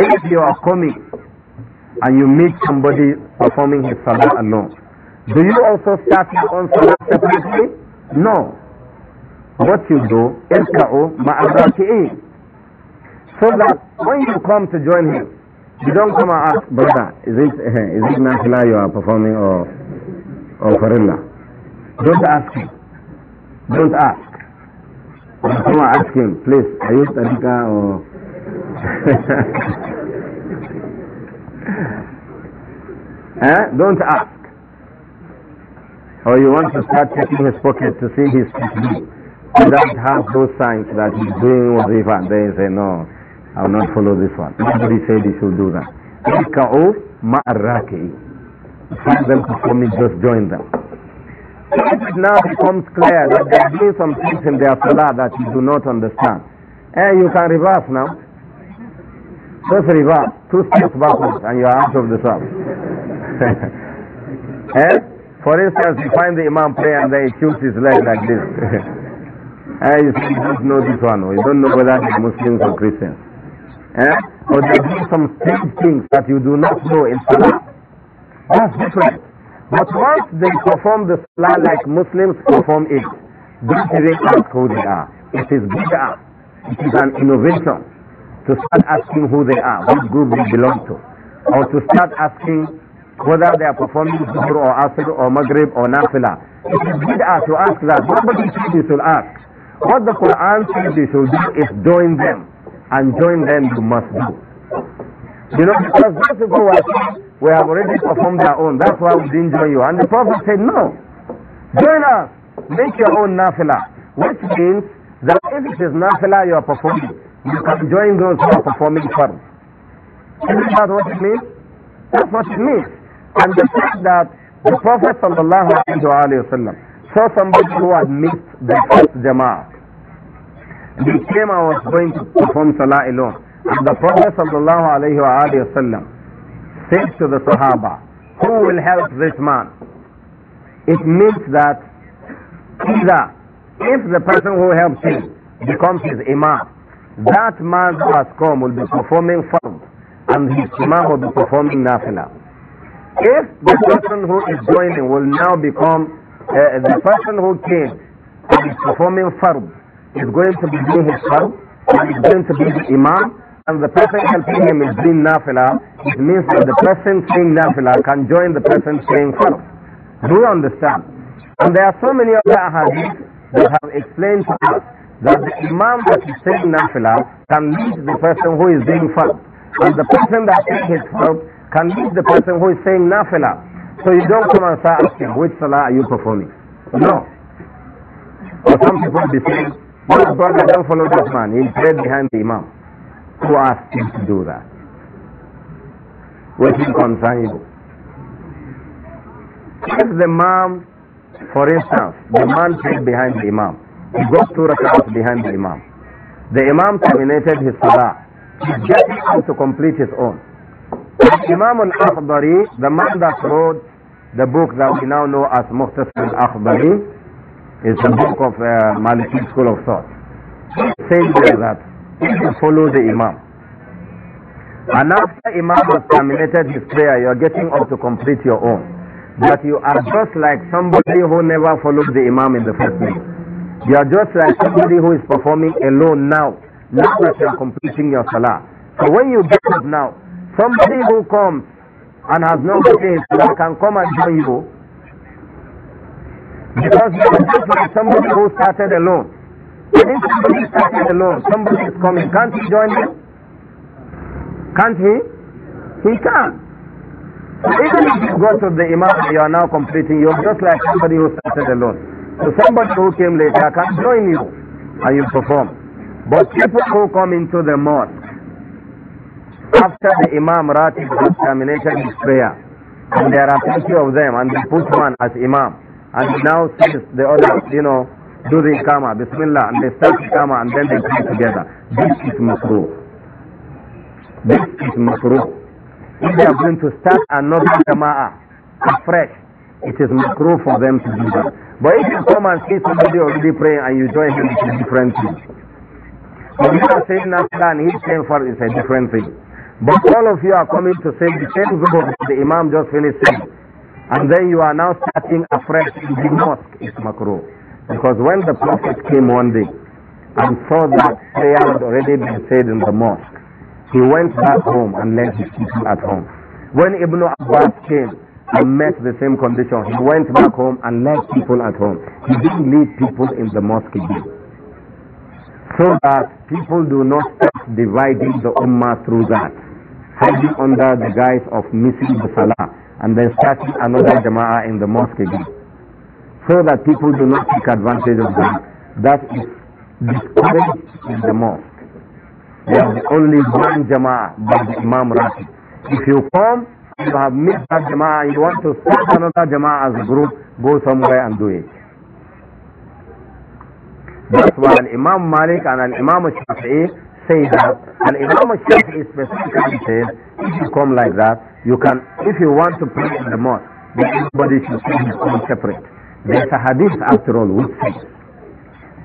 if you are coming and you meet somebody performing his Salah alone, do you also start your own Salah separately? No. What you do, اركعوا مع الراكعين so that when you come to join him, you don't come and ask, brother, is it, uh, is it Nafila you are performing or, or Farilla? Don't ask him. Don't ask. Come and ask him, please, are you tadika or... <laughs> eh? Don't ask. Or you want to start checking his pocket to see his technique. He not have those signs that he's doing wazifa. They say, no, I will not follow this one. Nobody said he should do that. Raka'u ma'arraki'i. Find them performing, just join them. If it now becomes clear that there are some things in their salah that you do not understand, eh, you can reverse now. Just reverse, two steps backwards, and you are out of the salah. <laughs> eh? For instance, you find the Imam praying and then he shoots his leg like this. <laughs> eh, you, you don't know this one, you don't know whether they're Muslims or Christians. Eh? Or they do some strange things that you do not know in Salah. That's different. But once they perform the Salah like Muslims perform it, that is a even who they are. It is bid'ah. It is an innovation to start asking who they are, what group they belong to, or to start asking whether they are performing Zuhr or Asr or Maghrib or Nafila. It is bid'ah to ask that. Nobody should ask. What the Quran says they should do is join them and join them you must do. You know, because those people were we have already performed our own. That's why we didn't join you. And the Prophet said, No. Join us. Make your own nafila. Which means that if it is nafila you are performing, you can join those who are performing 1st Isn't that what it means? That's what it means. And the fact that the Prophet sallallahu alaihi wasallam saw somebody who had missed the first jama'ah became I was going to perform salah alone. And the Prophet sallallahu alayhi wa said to the Sahaba, who will help this man? It means that either if the person who helps him becomes his imam, that man who has come will be performing farz and his imam will be performing nafila. If the person who is joining will now become uh, the person who came and is performing farz is going to be doing his farm and is going to be the imam and the person helping him is doing nafila, it means that the person saying nafila can join the person saying farm. Do you understand? And there are so many other ahadith that have explained to us that the imam that is saying nafila can lead the person who is doing farm. And the person that is his farm can lead the person who is saying nafila. So you don't come and start asking, which salah are you performing? No. Or some people be saying, this brother, don't follow this man. He prayed behind the Imam. Who asked him to do that? What he concern you? If the Imam, for instance, the man prayed behind the Imam. He got two rakats behind the Imam. The Imam terminated his salah. He's getting him to complete his own. Imam al-Akhbari, the man that wrote the book that we now know as Muhtasar al-Akhbari, is the book of uh, Maliki school of thought. Saying there that you follow the Imam. And after Imam has terminated his prayer, you are getting up to complete your own. But you are just like somebody who never followed the Imam in the first place. You are just like somebody who is performing alone now, now that you are completing your salah. So when you get up now, somebody who comes and has not gotten his salah can come and join you because just like somebody who started alone. if somebody started alone, somebody is coming. Can't he join him? Can't he? He can. So even if you go to the Imam you are now completing, you're just like somebody who started alone. So somebody who came later can join you and you perform. But people who come into the mosque after the Imam Ratib has terminated his prayer, and there are plenty of them, and they put one as Imam and now since the other, you know, do the ikama, bismillah, and they start ikama and then they come together. This is makruh. This is makruh. If they are going to start another jama'ah afresh, it is makruh for them to do that. But if you come and see somebody already praying and you join him, it's a different thing. When you are saying Nasla and he's saying for it's a different thing. But all of you are coming to say the same zuhur the Imam just finished saying and then you are now starting afresh in the mosque is makruh. Because when the Prophet came one day and saw that prayer had already been said in the mosque, he went back home and left his people at home. When Ibn Abbas came and met the same condition, he went back home and left people at home. He didn't leave people in the mosque again. So that people do not start dividing the Ummah through that, hiding under the guise of missing the Salah and then starting another jama'ah in the mosque again. So that people do not take advantage of them. That is discouraged in the mosque. There is only one jama'ah by the Imam Rafi. If you come, you have missed that jama'ah, you want to start another jama'ah as a group, go somewhere and do it. That's why an Imam Malik and an Imam Shafi'i say that. And Imam Shafi'i specifically says, if you come like that, you can, if you want to pray in the mosque, then everybody should pray his own separate. There's a hadith after all which says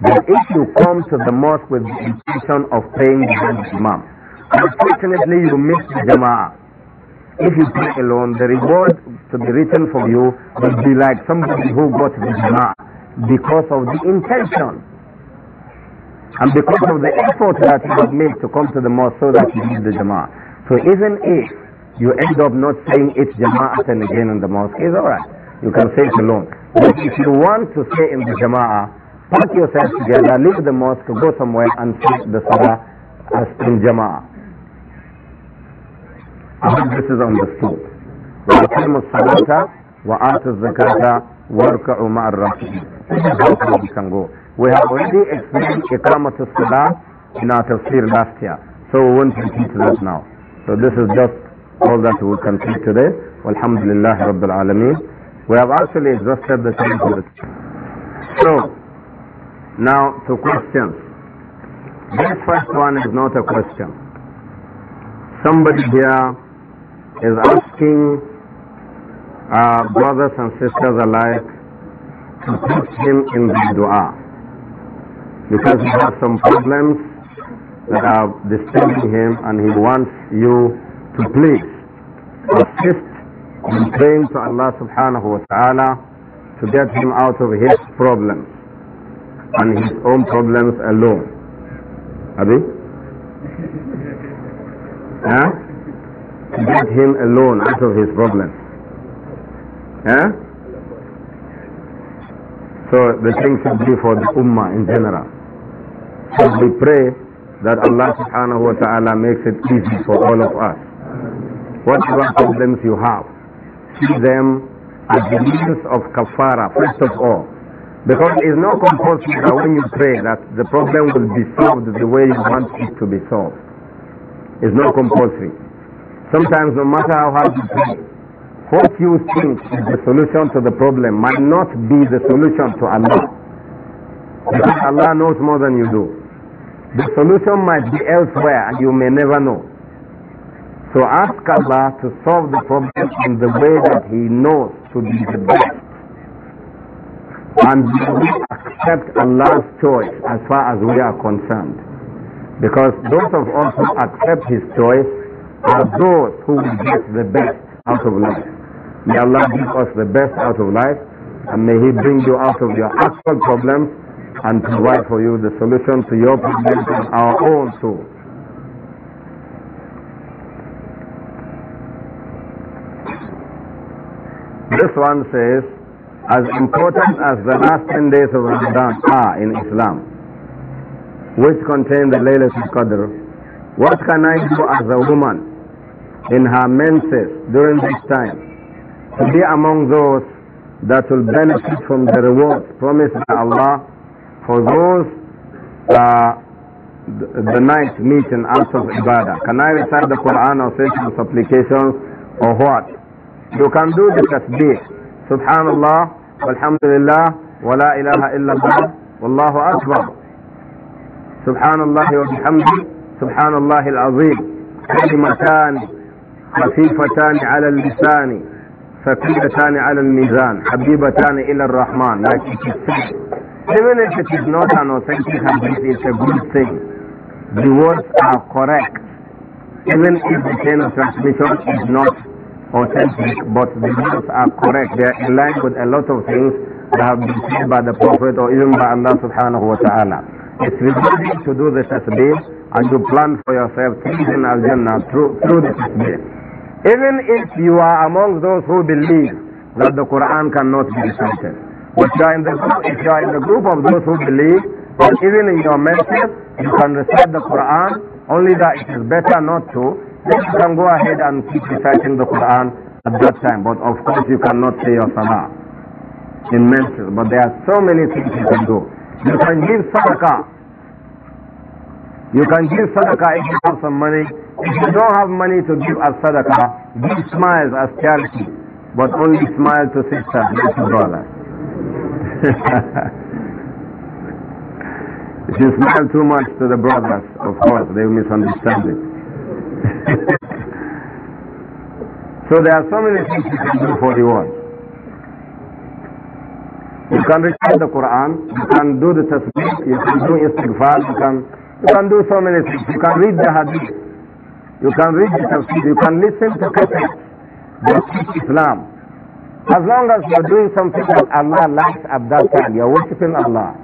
that if you come to the mosque with the intention of praying the imam, unfortunately you miss the jama'ah. If you pray alone, the reward to be written for you will be like somebody who got the jama'ah because of the intention and because of the effort that you have made to come to the mosque so that you need the jama'ah. So even if you end up not saying it jama'atan again in the mosque, it's alright. You can say it alone. But if you want to say in the jama'ah, pack yourself together, leave the mosque, go somewhere and say the salah as in jama'ah. I hope this is understood. وَأَقِيمُوا الصَّلَاةَ وَآتُوا الزَّكَاةَ وَارْكَعُوا مَعَ الرَّاكِعِينَ we can go. We have already explained Iqamatu Salah in our tafsir last year, so we won't repeat that now. So this is just all that we will conclude today. Alhamdulillah Rabbil Alameen. We have actually exhausted the time for So, now to questions. This first one is not a question. Somebody here is asking uh, brothers and sisters alike to put him in the dua because he has some problems that are disturbing him and he wants you to please, assist and praying to Allah subhanahu wa ta'ala to get him out of his problems and his own problems alone. Abi? Huh? To get him alone out of his problems. Yeah. So the thing should be for the Ummah in general. So we pray that Allah subhanahu wa ta'ala makes it easy for all of us whatever problems you have, see them as the means of kafara, first of all. Because it's not compulsory that when you pray that the problem will be solved the way you want it to be solved. It's not compulsory. Sometimes no matter how hard you pray, what you think is the solution to the problem might not be the solution to Allah. Because Allah knows more than you do. The solution might be elsewhere and you may never know. So ask Allah to solve the problem in the way that He knows to be the best. And we accept Allah's choice as far as we are concerned. Because those of us who accept His choice are those who will get the best out of life. May Allah give us the best out of life and may He bring you out of your actual problems and provide for you the solution to your problems and our own too. This one says, as important as the last 10 days of Ramadan are in Islam, which contain the Laylatul Qadr, what can I do as a woman in her menses during this time to be among those that will benefit from the rewards promised by Allah for those uh, the night meeting in acts of ibadah. Can I recite the Quran or say some supplications or what? You دو do سبحان الله والحمد لله ولا اله الا الله والله اكبر سبحان الله bihamdi, سبحان الله العظيم كلمتان خفيفتان على اللسان ثقيلتان على الميزان حبيبتان إلى الرحمن Even if it is not an authentic hadith, it's a good thing. The words are correct. Even if the chain of transmission is not authentic, but the news are correct. They are in line with a lot of things that have been said by the Prophet or even by Allah subhanahu wa ta'ala. It's rewarding to do the tasbih and to plan for yourself things in Al-Jannah through, through the tasbih. Even if you are among those who believe that the Quran cannot be recited, if you are in the group, if you are in the group of those who believe that even in your message you can recite the Quran, only that it is better not to, then you can go ahead and keep reciting the Quran at that time. But of course you cannot say your salah in menstrual. But there are so many things you can do. You can give sadaqah. You can give sadaqah if you have some money. If you don't have money to give as sadaqah, give smiles as charity. But only smile to sister, not to brothers. <laughs> if you smile too much to the brothers, of course, they will misunderstand it so there are so many things you can do for the one. You can recite the Quran, you can do the tasbih, you can do istighfar, you can, you can do so many things. You can read the hadith, you can read the tafsir, you can listen to cassette that teach Islam. As long as you are doing something that Allah likes at that time, you are worshipping Allah.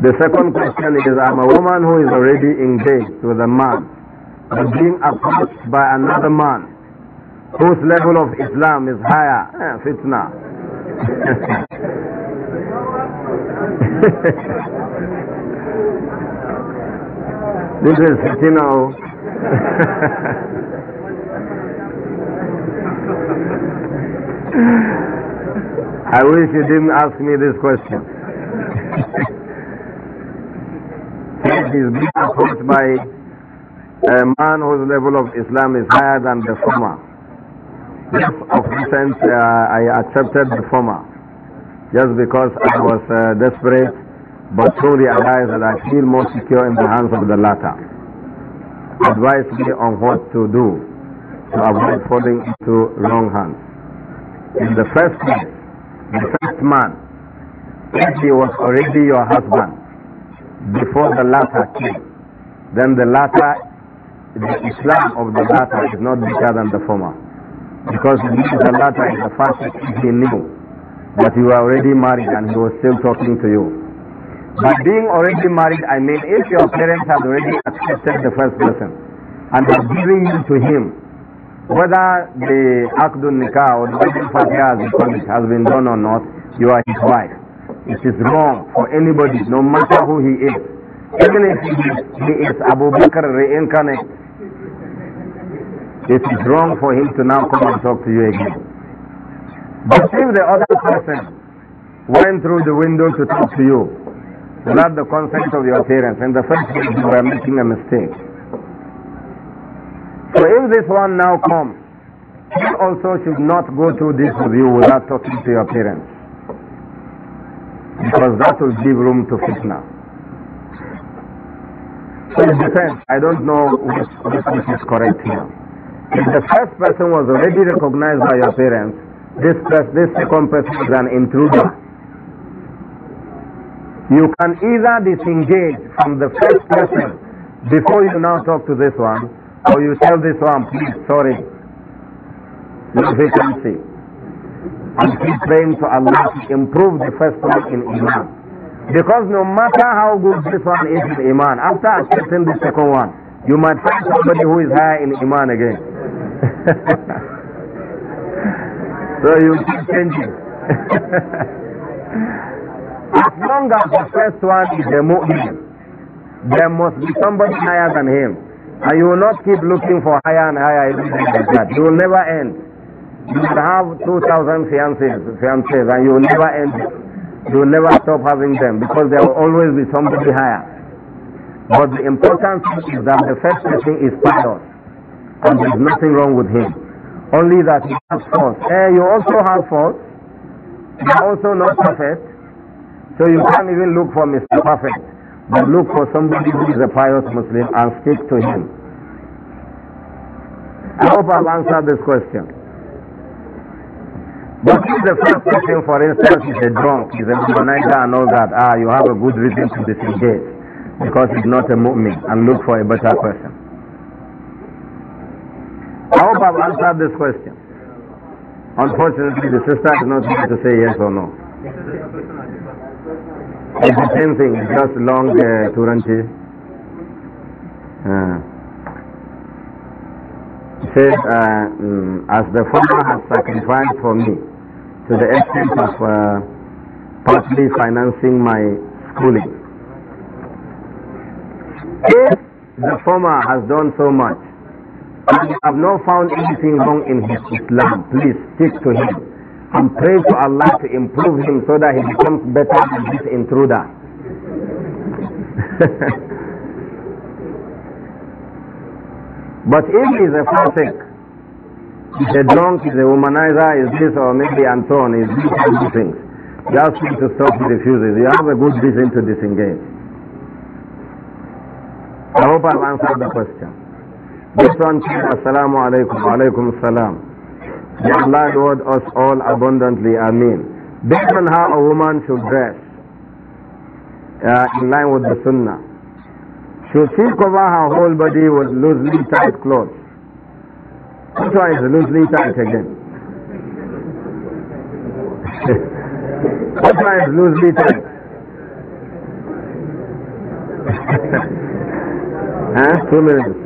The second question is, I'm a woman who is already engaged with a man, but being approached by another man whose level of Islam is higher. Eh, fitna. <laughs> this is fitna. Oh. <laughs> I wish you didn't ask me this question. <laughs> said he's being approached by a man whose level of Islam is higher than the former. Yes, of recent, uh, I accepted the former just because I was uh, desperate, but truly realized that I feel more secure in the hands of the latter. Advise me on what to do to avoid falling into wrong hands. In the first place, the first man, if he was already your husband, before the latter came, then the latter, the Islam of the latter is not better than the former. Because the latter is the fastest he knew that you were already married and he was still talking to you. By being already married, I mean if your parents had already accepted the first person and have given you to him, whether the Akdun Nikah or the wedding has been done or not, you are his wife. It is wrong for anybody, no matter who he is. Even if he is, he is Abu Bakr reincarnate, it is wrong for him to now come and talk to you again. But if the other person went through the window to talk to you without the consent of your parents, in the first place you were making a mistake. So if this one now comes, he also should not go through this with you without talking to your parents. Because that will give room to fitna. So it depends. I don't know which, this is correct here. If the first person was already recognized by your parents, this, person, this second person is an intruder. You can either disengage from the first person before you now talk to this one, or you tell this one, please, sorry, no vacancy and keep praying to Allah to improve the first one in Iman. Because no matter how good this one is in Iman, after accepting the second one, you might find somebody who is higher in Iman again. <laughs> so you keep changing. <laughs> as long as the first one is a mu'min, there must be somebody higher than him. And you will not keep looking for higher and higher like that. You will never end. You would have 2,000 fiancés, fiancés and you will never end. You will never stop having them because there will always be somebody higher. But the important thing is that the first person is pious and there is nothing wrong with him. Only that he has faults. Eh, you also have faults. You are also not perfect. So you can't even look for Mr. Perfect. But look for somebody who is a pious Muslim and stick to him. I hope I've answered this question. But if the first person, for instance, is a drunk, is a womanizer and all that, ah, you have a good reason to disengage because he's not a mu'min and look for a better person. I hope I've answered this question. Unfortunately, the sister is not here to say yes or no.
It's the same thing, it's just
long uh, Turanti. Uh says, uh, mm, as the Father has sacrificed for me, to the extent of uh, partly financing my schooling. If the former has done so much, and you have not found anything wrong in his Islam, please stick to him and pray to Allah to improve him so that he becomes better than this intruder. <laughs> but if he is a fanatic, is a drunk, is a womanizer, is this or maybe and is these kinds of things. You ask him to stop, he refuses. You have a good reason to disengage. I hope I've answered the question. This one says, Assalamu alaikum, alaikum salam. May Allah reward us all abundantly, Ameen. Based on how a woman should dress, uh, in line with the sunnah, should she cover her whole body with loosely tight clothes? Sometimes loosely tight again. Sometimes loosely tight. huh? Two minutes.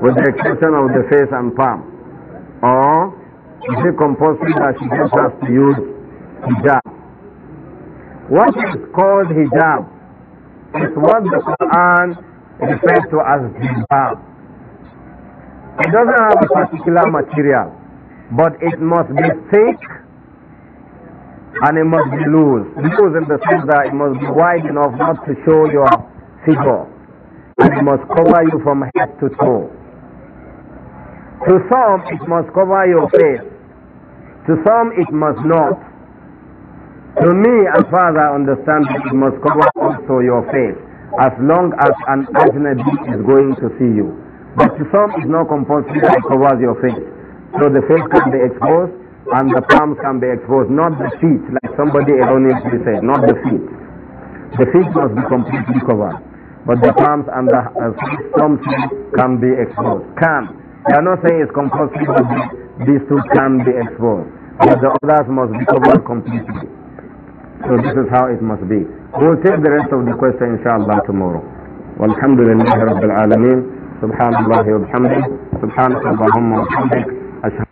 With the exception of the face and palm. Or is it compulsory that she just has to use hijab? What is called hijab
is what the
Quran refers to as hijab. It doesn't have a particular material, but it must be thick and it must be loose. Loose in the sense that it must be wide enough not to show your figure. it must cover you from head to toe. To some, it must cover your face. To some, it must not. To me, as far as I understand, it must cover also your face, as long as an ajnabi is going to see you. But to some, is not compulsory that covers your face. So the face can be exposed and the palms can be exposed, not the feet, like somebody erroneously said, not the feet. The feet must be completely covered, but the palms and the uh, some feet can be exposed. Can. They are not saying it's compulsory, but these two can be exposed, but the others must be covered completely. So this is how it must be. We'll take the rest of the question, inshallah, tomorrow. والحمد لله رب العالمين سبحان الله وبحمده سبحانك اللهم وبحمدك أشهد